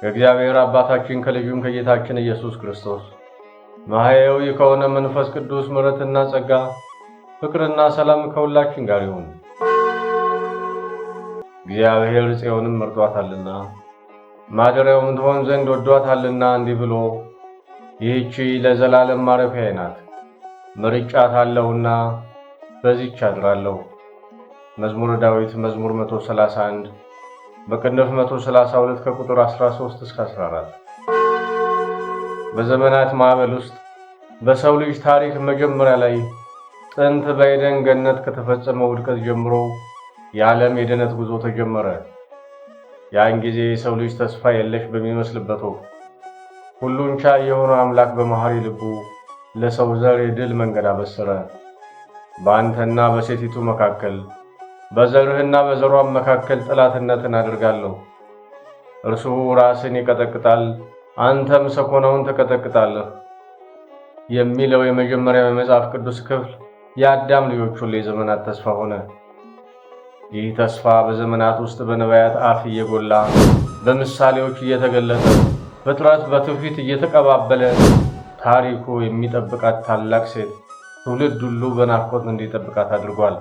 ከእግዚአብሔር አባታችን ከልጁም ከጌታችን ኢየሱስ ክርስቶስ ማህያዊ ከሆነ መንፈስ ቅዱስ ምሕረትና ጸጋ ፍቅርና ሰላም ከሁላችን ጋር ይሁን። እግዚአብሔር ጽዮንም መርጧታልና ማደሪያውም ትሆን ዘንድ ወዷታልና እንዲህ ብሎ ይህቺ ለዘላለም ማረፊያዬ ናት፣ ምርጫት አለውና በዚች አድራለሁ። መዝሙረ ዳዊት መዝሙር 131 በቅንፍ 132 ከቁጥር 13 እስከ 14። በዘመናት ማዕበል ውስጥ በሰው ልጅ ታሪክ መጀመሪያ ላይ ጥንት በኤደን ገነት ከተፈጸመው ውድቀት ጀምሮ የዓለም የድነት ጉዞ ተጀመረ። ያን ጊዜ የሰው ልጅ ተስፋ የለሽ በሚመስልበት ወቅት ሁሉን ቻይ የሆነው አምላክ በመሐሪ ልቡ ለሰው ዘር የድል መንገድ አበሰረ። በአንተና በሴቲቱ መካከል በዘርህና በዘሯም መካከል ጠላትነትን አድርጋለሁ። እርሱ ራስን ይቀጠቅጣል፣ አንተም ሰኮናውን ትቀጠቅጣለህ የሚለው የመጀመሪያው የመጽሐፍ ቅዱስ ክፍል የአዳም ልጆች ሁሉ የዘመናት ተስፋ ሆነ። ይህ ተስፋ በዘመናት ውስጥ በነቢያት አፍ እየጎላ በምሳሌዎች እየተገለጠ ፍጥረት በትውፊት እየተቀባበለ ታሪኩ የሚጠብቃት ታላቅ ሴት ትውልድ ሁሉ በናፍቆት እንዲጠብቃት አድርጓል።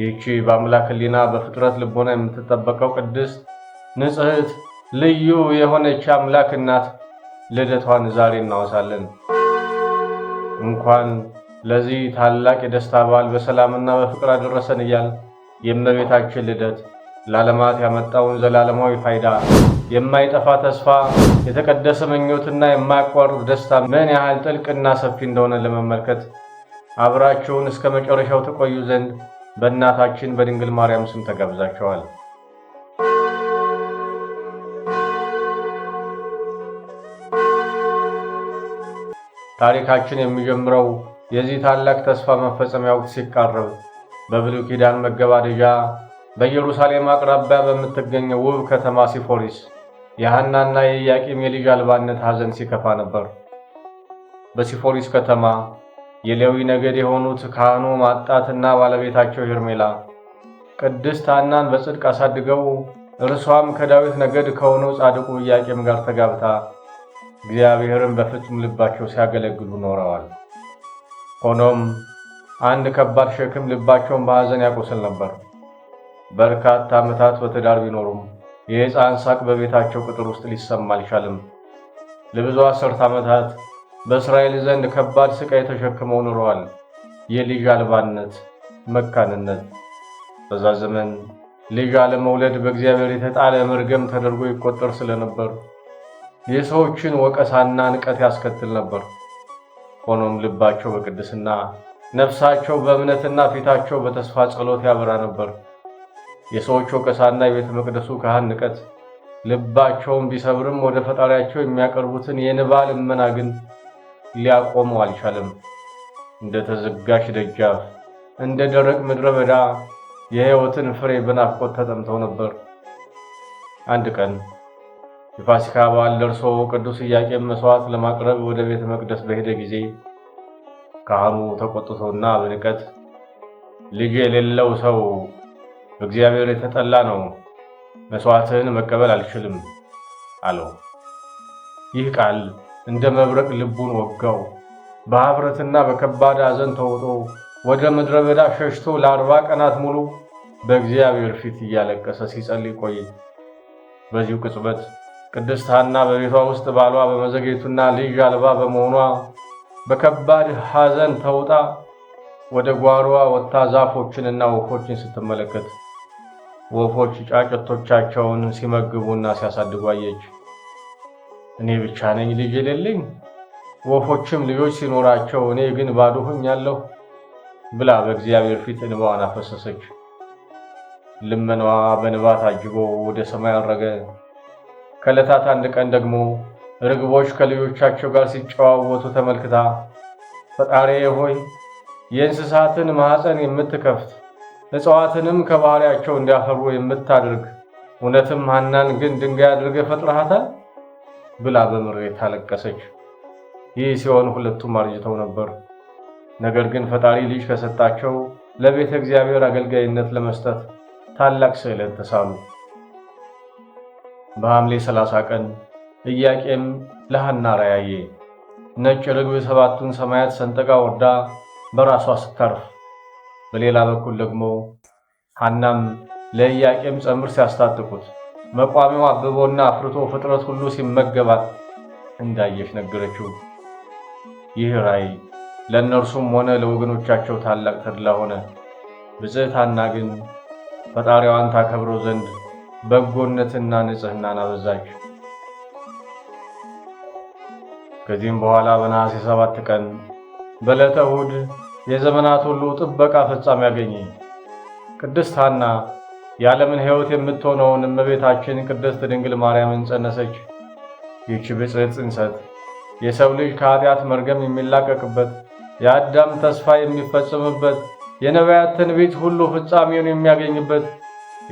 ይህቺ በአምላክ ሕሊና በፍጥረት ልቦና የምትጠበቀው ቅድስት፣ ንጽሕት፣ ልዩ የሆነች አምላክ እናት ልደቷን ዛሬ እናወሳለን። እንኳን ለዚህ ታላቅ የደስታ በዓል በሰላምና በፍቅር አደረሰን እያል የእመቤታችን ልደት ለዓለማት ያመጣውን ዘላለማዊ ፋይዳ የማይጠፋ ተስፋ የተቀደሰ ምኞትና የማያቋርጥ ደስታ ምን ያህል ጥልቅና ሰፊ እንደሆነ ለመመልከት አብራችሁን እስከ መጨረሻው ተቆዩ ዘንድ በእናታችን በድንግል ማርያም ስም ተጋብዛችኋል። ታሪካችን የሚጀምረው የዚህ ታላቅ ተስፋ መፈጸሚያ ወቅት ሲቃረብ በብሉይ ኪዳን መገባደጃ በኢየሩሳሌም አቅራቢያ በምትገኘው ውብ ከተማ ሲፎሪስ የሐናና የኢያቄም የልጅ አልባነት ሐዘን ሲከፋ ነበር። በሲፎሪስ ከተማ የሌዊ ነገድ የሆኑት ካህኑ ማጣትና ባለቤታቸው ሄርሜላ ቅድስት ሐናን በጽድቅ አሳድገው እርሷም ከዳዊት ነገድ ከሆነው ጻድቁ ኢያቄም ጋር ተጋብታ እግዚአብሔርን በፍጹም ልባቸው ሲያገለግሉ ኖረዋል። ሆኖም አንድ ከባድ ሸክም ልባቸውን በሐዘን ያቆስል ነበር። በርካታ ዓመታት በትዳር ቢኖሩም የሕፃን ሳቅ በቤታቸው ቅጥር ውስጥ ሊሰማ አልቻልም። ለብዙ አስርት ዓመታት በእስራኤል ዘንድ ከባድ ሥቃይ ተሸክመው ኑረዋል። የልጅ አልባነት፣ መካንነት። በዛ ዘመን ልጅ አለመውለድ በእግዚአብሔር የተጣለ መርገም ተደርጎ ይቆጠር ስለነበር የሰዎችን ወቀሳና ንቀት ያስከትል ነበር። ሆኖም ልባቸው በቅድስና ነፍሳቸው በእምነትና ፊታቸው በተስፋ ጸሎት ያበራ ነበር። የሰዎች ወቀሳና የቤተ መቅደሱ ካህን ንቀት ልባቸውን ቢሰብርም ወደ ፈጣሪያቸው የሚያቀርቡትን የንባ ልመና ግን ሊያቆመው አልቻለም። እንደ ተዘጋሽ ደጃፍ፣ እንደ ደረቅ ምድረ በዳ የሕይወትን ፍሬ በናፍቆት ተጠምተው ነበር። አንድ ቀን የፋሲካ በዓል ደርሶ ቅዱስ ኢያቄም መሥዋዕት ለማቅረብ ወደ ቤተ መቅደስ በሄደ ጊዜ ካህኑ ተቆጥቶና በንቀት ልጅ የሌለው ሰው በእግዚአብሔር የተጠላ ነው፣ መሥዋዕትህን መቀበል አልችልም አለው። ይህ ቃል እንደ መብረቅ ልቡን ወጋው። በኀፍረትና በከባድ ሐዘን ተውጦ ወደ ምድረ በዳ ሸሽቶ ለአርባ ቀናት ሙሉ በእግዚአብሔር ፊት እያለቀሰ ሲጸልይ ቆይ። በዚሁ ቅጽበት ቅድስት ሐና በቤቷ ውስጥ ባሏ በመዘግየቱና ልጅ አልባ በመሆኗ በከባድ ሐዘን ተውጣ ወደ ጓሮዋ ወጥታ ዛፎችንና ወፎችን ስትመለከት ወፎች ጫጩቶቻቸውን ሲመግቡና ሲያሳድጉ አየች። እኔ ብቻ ነኝ ልጅ የሌለኝ፣ ወፎችም ልጆች ሲኖራቸው እኔ ግን ባዶ ሆኛለሁ ብላ በእግዚአብሔር ፊት እንባዋን አፈሰሰች። ልመናዋ በንባት አጅቦ ወደ ሰማይ አረገ። ከዕለታት አንድ ቀን ደግሞ ርግቦች ከልጆቻቸው ጋር ሲጨዋወቱ ተመልክታ ፈጣሪ ሆይ የእንስሳትን ማኅፀን የምትከፍት እጽዋትንም ከባህሪያቸው እንዲያፈሩ የምታደርግ እውነትም ሐናን ግን ድንጋይ አድርገ ፈጥረሃታል ብላ በምሬት አለቀሰች። ይህ ሲሆን ሁለቱም አርጅተው ነበር። ነገር ግን ፈጣሪ ልጅ ከሰጣቸው ለቤተ እግዚአብሔር አገልጋይነት ለመስጠት ታላቅ ስዕለት ተሳሉ። በሐምሌ 30 ቀን ጥያቄም ለሐና ራያዬ ነጭ ርግብ ሰባቱን ሰማያት ሰንጠቃ ወርዳ በራሷ ስታርፍ፣ በሌላ በኩል ደግሞ ሐናም ለኢያቄም ጸምር ሲያስታጥቁት መቋሚው አብቦና አፍርቶ ፍጥረት ሁሉ ሲመገባት እንዳየች ነገረችው። ይህ ራእይ ለእነርሱም ሆነ ለወገኖቻቸው ታላቅ ተድላ ሆነ። ብጽዕት ሐና ግን ፈጣሪዋን ታከብረው ዘንድ በጎነትና ንጽሕናን አበዛች። ከዚህም በኋላ በነሐሴ ሰባት ቀን በዕለተ እሑድ የዘመናት ሁሉ ጥበቃ ፍጻሜ ያገኘ ቅድስት ሐና የዓለምን ሕይወት የምትሆነውን እመቤታችን ቅድስት ድንግል ማርያምን ጸነሰች። ይህች ብፅዕት ጽንሰት የሰው ልጅ ከኃጢአት መርገም የሚላቀቅበት የአዳም ተስፋ የሚፈጸምበት የነቢያት ትንቢት ሁሉ ፍጻሜውን የሚያገኝበት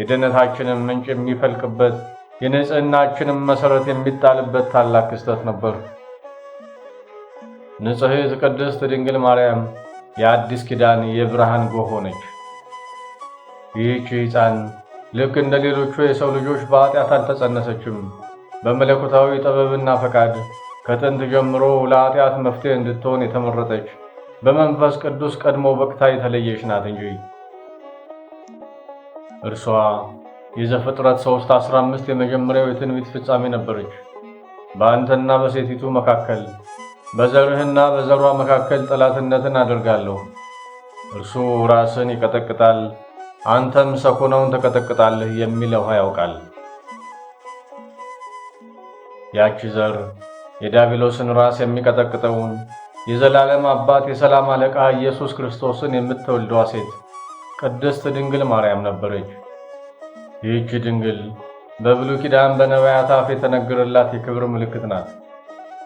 የድኅነታችንም ምንጭ የሚፈልቅበት የንጽሕናችንም መሠረት የሚጣልበት ታላቅ ክስተት ነበር። ንጽሕት ቅድስት ድንግል ማርያም የአዲስ ኪዳን የብርሃን ጎህ ሆነች። ይህች ሕፃን ልክ እንደ ሌሎቹ የሰው ልጆች በኃጢአት አልተጸነሰችም። በመለኮታዊ ጥበብና ፈቃድ ከጥንት ጀምሮ ለኃጢአት መፍትሔ እንድትሆን የተመረጠች በመንፈስ ቅዱስ ቀድሞ በቅታ የተለየች ናት እንጂ እርሷ የዘፍጥረት 15 የመጀመሪያው የትንቢት ፍጻሜ ነበረች። በአንተና በሴቲቱ መካከል በዘርህና በዘሯ መካከል ጠላትነትን አደርጋለሁ። እርሱ ራስን ይቀጠቅጣል፣ አንተም ሰኮናውን ተቀጠቅጣለህ የሚል ውሃ ያውቃል። ያቺ ዘር የዲያብሎስን ራስ የሚቀጠቅጠውን የዘላለም አባት የሰላም አለቃ ኢየሱስ ክርስቶስን የምትወልደዋ ሴት ቅድስት ድንግል ማርያም ነበረች። ይህቺ ድንግል በብሉይ ኪዳን በነቢያት አፍ የተነገረላት የክብር ምልክት ናት።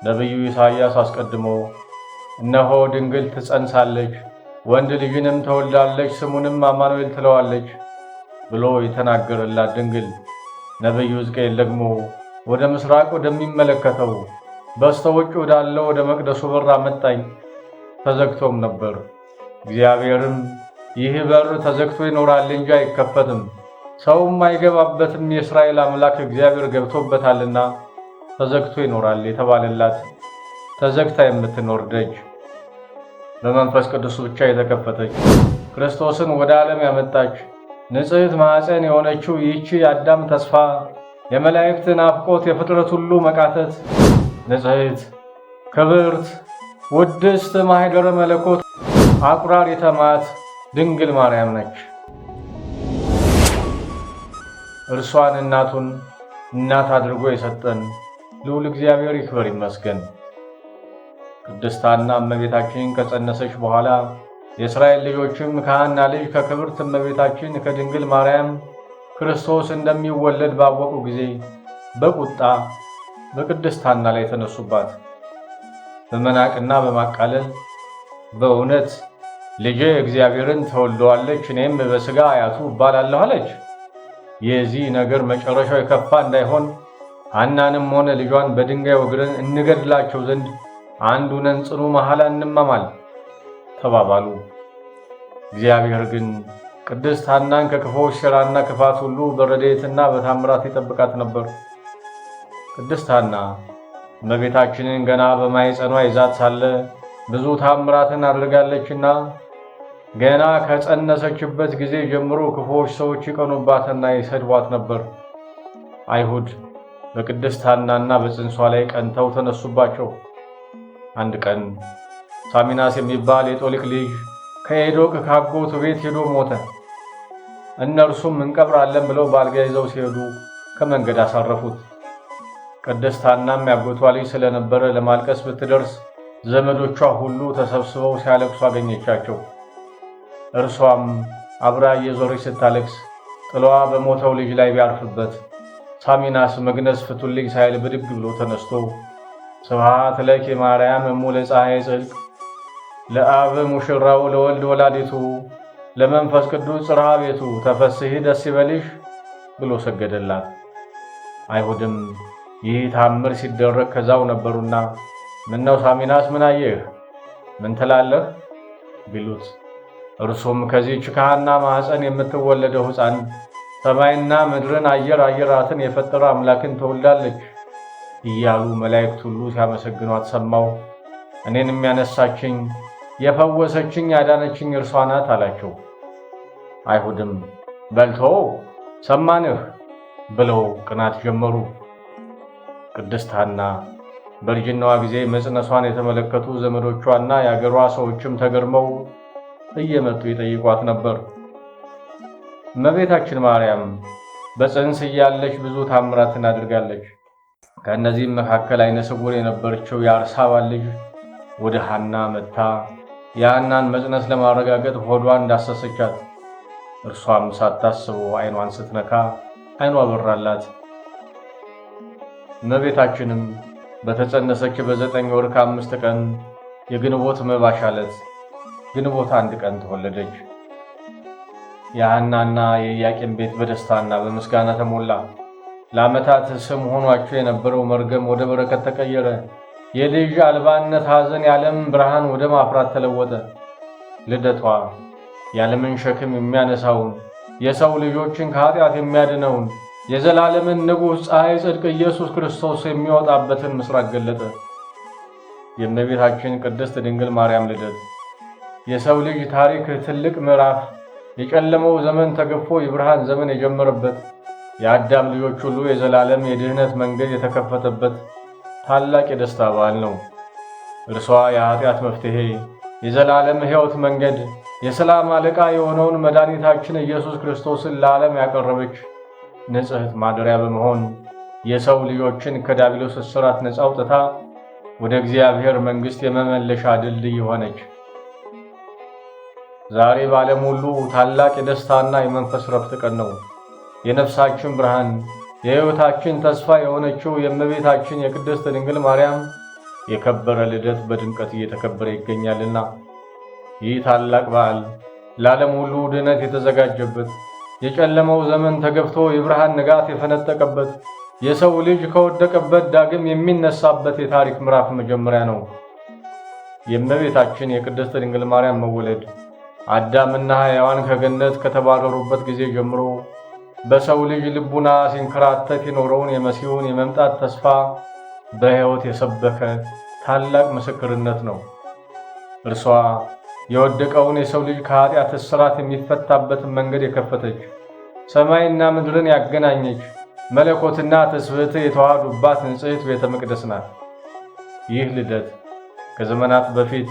ነቢዩ ኢሳይያስ አስቀድሞ እነሆ ድንግል ትጸንሳለች፣ ወንድ ልጅንም ተወልዳለች፣ ስሙንም አማኑኤል ትለዋለች ብሎ የተናገረላት ድንግል ነቢዩ ሕዝቅኤል ደግሞ ወደ ምስራቅ ወደሚመለከተው በስተ ውጭ ወዳለው ወደ መቅደሱ በር አመጣኝ፣ ተዘግቶም ነበር። እግዚአብሔርም ይህ በር ተዘግቶ ይኖራል እንጂ አይከፈትም፣ ሰውም አይገባበትም፣ የእስራኤል አምላክ እግዚአብሔር ገብቶበታልና ተዘግቶ ይኖራል የተባለላት ተዘግታ የምትኖር ደጅ በመንፈስ ቅዱስ ብቻ የተከፈተች ክርስቶስን ወደ ዓለም ያመጣች ንጽሕት ማኅፀን የሆነችው ይህቺ የአዳም ተስፋ የመላእክት ናፍቆት የፍጥረት ሁሉ መቃተት ንጽሕት ክብርት ውድስት ማኅደረ መለኮት አቁራር የተማት ድንግል ማርያም ነች። እርሷን እናቱን እናት አድርጎ የሰጠን ልዑል እግዚአብሔር ይክበር ይመስገን። ቅድስት ሐና እመቤታችን ከጸነሰች በኋላ የእስራኤል ልጆችም ከሐና ልጅ ከክብርት እመቤታችን ከድንግል ማርያም ክርስቶስ እንደሚወለድ ባወቁ ጊዜ በቁጣ በቅድስት ሐና ላይ ተነሱባት፣ በመናቅና በማቃለል በእውነት ልጄ እግዚአብሔርን ተወልደዋለች፣ እኔም በሥጋ አያቱ እባላለሁ አለች። የዚህ ነገር መጨረሻው የከፋ እንዳይሆን ሐናንም ሆነ ልጇን በድንጋይ ወግረን እንገድላቸው ዘንድ አንዱነን ጽኑ መሐላ እንማማል ተባባሉ። እግዚአብሔር ግን ቅድስት ሐናን ከክፉዎች ሸራና ክፋት ሁሉ በረድኤትና በታምራት ይጠብቃት ነበር። ቅድስት ሐና እመቤታችንን ገና በማይጸኗ ይዛት ሳለ ብዙ ታምራትን አድርጋለችና ገና ከጸነሰችበት ጊዜ ጀምሮ ክፉዎች ሰዎች ይቀኑባትና ይሰድቧት ነበር። አይሁድ በቅድስት ሐናና በጽንሷ ላይ ቀንተው ተነሱባቸው። አንድ ቀን ሳሚናስ የሚባል የጦሊቅ ልጅ ከሄዶቅ ካጎቱ ቤት ሄዶ ሞተ። እነርሱም እንቀብራለን ብለው በአልጋ ይዘው ሲሄዱ ከመንገድ አሳረፉት። ቅድስት ሐናም ያጎቷ ልጅ ስለነበረ ለማልቀስ ብትደርስ ዘመዶቿ ሁሉ ተሰብስበው ሲያለቅሱ አገኘቻቸው። እርሷም አብራ እየዞረች ስታለቅስ ጥሏ በሞተው ልጅ ላይ ቢያርፍበት ሳሚናስ መግነዝ ፍቱልኝ ሳይል ብድግ ብሎ ተነስቶ ስብሐት ለኪ ማርያም እሙ ለፀሐይ ጽድቅ ለአብ ሙሽራው ለወልድ ወላዲቱ ለመንፈስ ቅዱስ ጽርሃ ቤቱ ተፈስህ ደስ ይበልሽ ብሎ ሰገደላት። አይሁድም ይህ ታምር ሲደረግ ከዛው ነበሩና ምነው ሳሚናስ ምን አየህ? ምን ትላለህ? ቢሉት እርሱም ከዚህች ካህና ማኅፀን የምትወለደው ሕፃን ሰማይና ምድርን አየር አየራትን የፈጠረ አምላክን ተወልዳለች እያሉ መላእክት ሁሉ ሲያመሰግኗት ሰማው። እኔንም ያነሳችኝ የፈወሰችኝ ያዳነችኝ እርሷ ናት አላቸው። አይሁድም በልቶ ሰማንህ ብለው ቅናት ጀመሩ። ቅድስት ሐና በእርጅናዋ ጊዜ መጽነሷን የተመለከቱ ዘመዶቿና የአገሯ ሰዎችም ተገርመው እየመጡ ይጠይቋት ነበር። እመቤታችን ማርያም በጽንስ እያለች ብዙ ታምራትን አድርጋለች። ከእነዚህም መካከል አይነ ስውር የነበረችው የአርሳባን ልጅ ወደ ሐና መታ የሐናን መጽነስ ለማረጋገጥ ሆዷን እንዳሰሰቻት፣ እርሷም ሳታስበው አይኗን ስትነካ አይኗ በራላት። እመቤታችንም በተጸነሰች በዘጠኝ ወር ከአምስት ቀን የግንቦት መባሻ ግንቦት አንድ ቀን ተወለደች። የሐናና የኢያቄም ቤት በደስታና በምስጋና ተሞላ። ለዓመታት ስም ሆኗቸው የነበረው መርገም ወደ በረከት ተቀየረ። የልጅ አልባነት ሐዘን የዓለም ብርሃን ወደ ማፍራት ተለወጠ። ልደቷ የዓለምን ሸክም የሚያነሳውን የሰው ልጆችን ከኃጢአት የሚያድነውን የዘላለምን ንጉሥ ፀሐይ ጽድቅ ኢየሱስ ክርስቶስ የሚወጣበትን ምሥራቅ ገለጠ። የእመቤታችን ቅድስት ድንግል ማርያም ልደት የሰው ልጅ ታሪክ ትልቅ ምዕራፍ የጨለመው ዘመን ተገፎ የብርሃን ዘመን የጀመረበት የአዳም ልጆች ሁሉ የዘላለም የድህነት መንገድ የተከፈተበት ታላቅ የደስታ በዓል ነው። እርሷ የኃጢአት መፍትሔ፣ የዘላለም ሕይወት መንገድ፣ የሰላም አለቃ የሆነውን መድኃኒታችን ኢየሱስ ክርስቶስን ለዓለም ያቀረበች ንጽሕት ማደሪያ በመሆን የሰው ልጆችን ከዲያብሎስ እስራት ነፃ አውጥታ ወደ እግዚአብሔር መንግሥት የመመለሻ ድልድይ ሆነች። ዛሬ በዓለም ሁሉ ታላቅ የደስታና የመንፈስ ረፍት ቀን ነው። የነፍሳችን ብርሃን የሕይወታችን ተስፋ የሆነችው የእመቤታችን የቅድስት ድንግል ማርያም የከበረ ልደት በድምቀት እየተከበረ ይገኛልና ይህ ታላቅ በዓል ለዓለም ሁሉ ድነት የተዘጋጀበት የጨለመው ዘመን ተገብቶ የብርሃን ንጋት የፈነጠቀበት የሰው ልጅ ከወደቀበት ዳግም የሚነሳበት የታሪክ ምዕራፍ መጀመሪያ ነው። የእመቤታችን የቅድስት ድንግል ማርያም መወለድ አዳምና ሔዋን ከገነት ከተባረሩበት ጊዜ ጀምሮ በሰው ልጅ ልቡና ሲንከራተት የኖረውን የመሲሁን የመምጣት ተስፋ በሕይወት የሰበከ ታላቅ ምስክርነት ነው። እርሷ የወደቀውን የሰው ልጅ ከኃጢአት እስራት የሚፈታበትን መንገድ የከፈተች፣ ሰማይና ምድርን ያገናኘች፣ መለኮትና ትስብእት የተዋሃዱባት ንጽሕት ቤተ መቅደስ ናት። ይህ ልደት ከዘመናት በፊት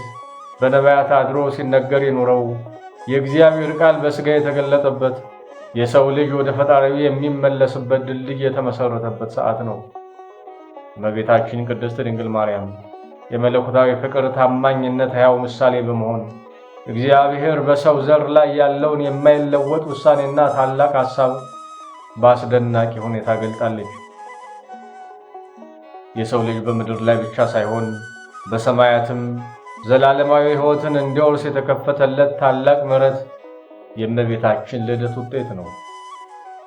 በነቢያት አድሮ ሲነገር የኖረው የእግዚአብሔር ቃል በሥጋ የተገለጠበት የሰው ልጅ ወደ ፈጣሪው የሚመለስበት ድልድይ የተመሠረተበት ሰዓት ነው። እመቤታችን ቅድስት ድንግል ማርያም የመለኮታዊ ፍቅር ታማኝነት ሕያው ምሳሌ በመሆን እግዚአብሔር በሰው ዘር ላይ ያለውን የማይለወጥ ውሳኔና ታላቅ ሐሳብ በአስደናቂ ሁኔታ ገልጣለች። የሰው ልጅ በምድር ላይ ብቻ ሳይሆን በሰማያትም ዘላለማዊ ሕይወትን እንዲወርስ የተከፈተለት ታላቅ ምሕረት የእመቤታችን ልደት ውጤት ነው።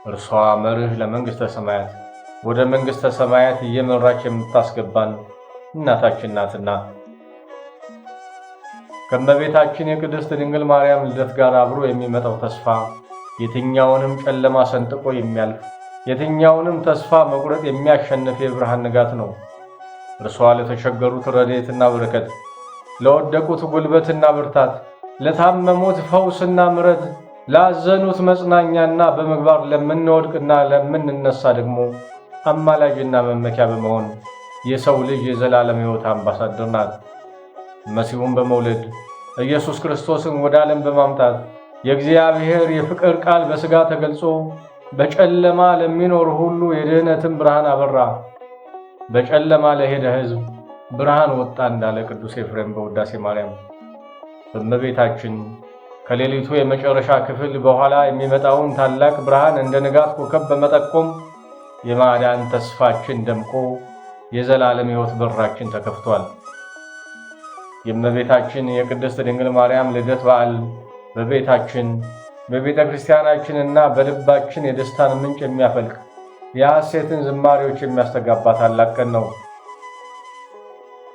እርሷ መርህ ለመንግሥተ ሰማያት ወደ መንግሥተ ሰማያት እየመራች የምታስገባን እናታችን ናትና ከእመቤታችን የቅድስት ድንግል ማርያም ልደት ጋር አብሮ የሚመጣው ተስፋ የትኛውንም ጨለማ ሰንጥቆ የሚያልፍ የትኛውንም ተስፋ መቁረጥ የሚያሸንፍ የብርሃን ንጋት ነው። እርሷ ለተቸገሩት ረድኤትና በረከት ለወደቁት ጉልበትና ብርታት፣ ለታመሙት ፈውስና ምረት፣ ላዘኑት መጽናኛና በምግባር ለምንወድቅና ለምንነሳ ደግሞ አማላጅና መመኪያ በመሆን የሰው ልጅ የዘላለም ሕይወት አምባሳደር ናት። መሲሁን በመውለድ ኢየሱስ ክርስቶስን ወደ ዓለም በማምጣት የእግዚአብሔር የፍቅር ቃል በሥጋ ተገልጾ በጨለማ ለሚኖር ሁሉ የድህነትን ብርሃን አበራ። በጨለማ ለሄደ ሕዝብ ብርሃን ወጣ እንዳለ ቅዱስ ኤፍሬም በውዳሴ ማርያም እመቤታችን ከሌሊቱ የመጨረሻ ክፍል በኋላ የሚመጣውን ታላቅ ብርሃን እንደ ንጋት ኮከብ በመጠቆም የማዳን ተስፋችን ደምቆ የዘላለም ሕይወት በራችን ተከፍቷል። የእመቤታችን የቅድስት ድንግል ማርያም ልደት በዓል በቤታችን በቤተ ክርስቲያናችንና በልባችን የደስታን ምንጭ የሚያፈልቅ የሐሴትን ዝማሬዎች የሚያስተጋባ ታላቅ ቀን ነው።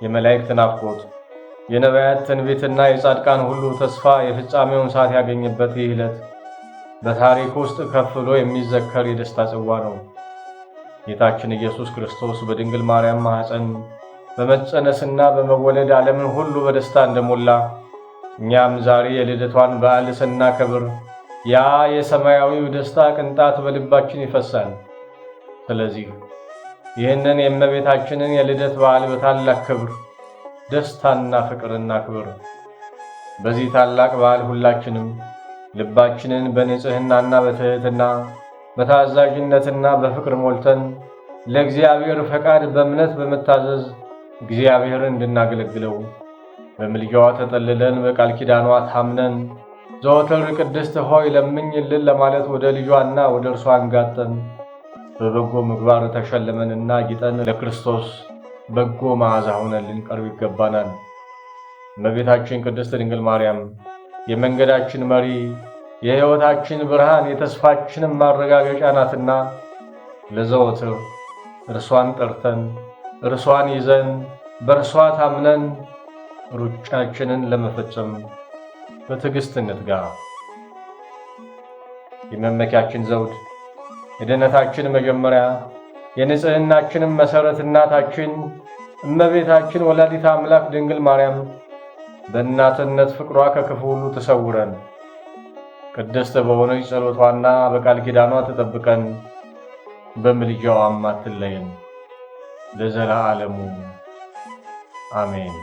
የመላእክት ናፍቆት፣ የነቢያት ትንቢትና የጻድቃን ሁሉ ተስፋ የፍጻሜውን ሰዓት ያገኘበት ይህ ዕለት በታሪክ ውስጥ ከፍ ብሎ የሚዘከር የደስታ ጽዋ ነው። ጌታችን ኢየሱስ ክርስቶስ በድንግል ማርያም ማኅፀን በመጸነስና በመወለድ ዓለምን ሁሉ በደስታ እንደሞላ እኛም ዛሬ የልደቷን በዓል ስናከብር ያ የሰማያዊው ደስታ ቅንጣት በልባችን ይፈሳል። ስለዚህ ይህንን የእመቤታችንን የልደት በዓል በታላቅ ክብር ደስታና ፍቅርና ክብር በዚህ ታላቅ በዓል ሁላችንም ልባችንን በንጽህናና በትሕትና በታዛዥነትና በፍቅር ሞልተን ለእግዚአብሔር ፈቃድ በእምነት በመታዘዝ እግዚአብሔር እንድናገለግለው በምልጃዋ ተጠልለን በቃል ኪዳኗ ታምነን ዘወትር ቅድስት ሆይ ለምኝልን ለማለት ወደ ልጇና ወደ እርሷ አንጋጠን በበጎ ምግባር ተሸልመንና ጌጠን ለክርስቶስ በጎ መዓዛ ሆነን ልንቀርብ ይገባናል። እመቤታችን ቅድስት ድንግል ማርያም የመንገዳችን መሪ፣ የሕይወታችን ብርሃን፣ የተስፋችንም ማረጋገጫ ናትና ለዘወትር እርሷን ጠርተን እርሷን ይዘን በእርሷ ታምነን ሩጫችንን ለመፈጸም በትዕግሥት እንትጋ። የመመኪያችን ዘውድ የድኅነታችን መጀመሪያ የንጽህናችንም መሠረት እናታችን እመቤታችን ወላዲተ አምላክ ድንግል ማርያም በእናትነት ፍቅሯ ከክፉ ሁሉ ትሰውረን። ቅድስት በሆነች ጸሎቷና በቃል ኪዳኗ ተጠብቀን በምልጃዋም አትለየን ዓለሙ አሜን።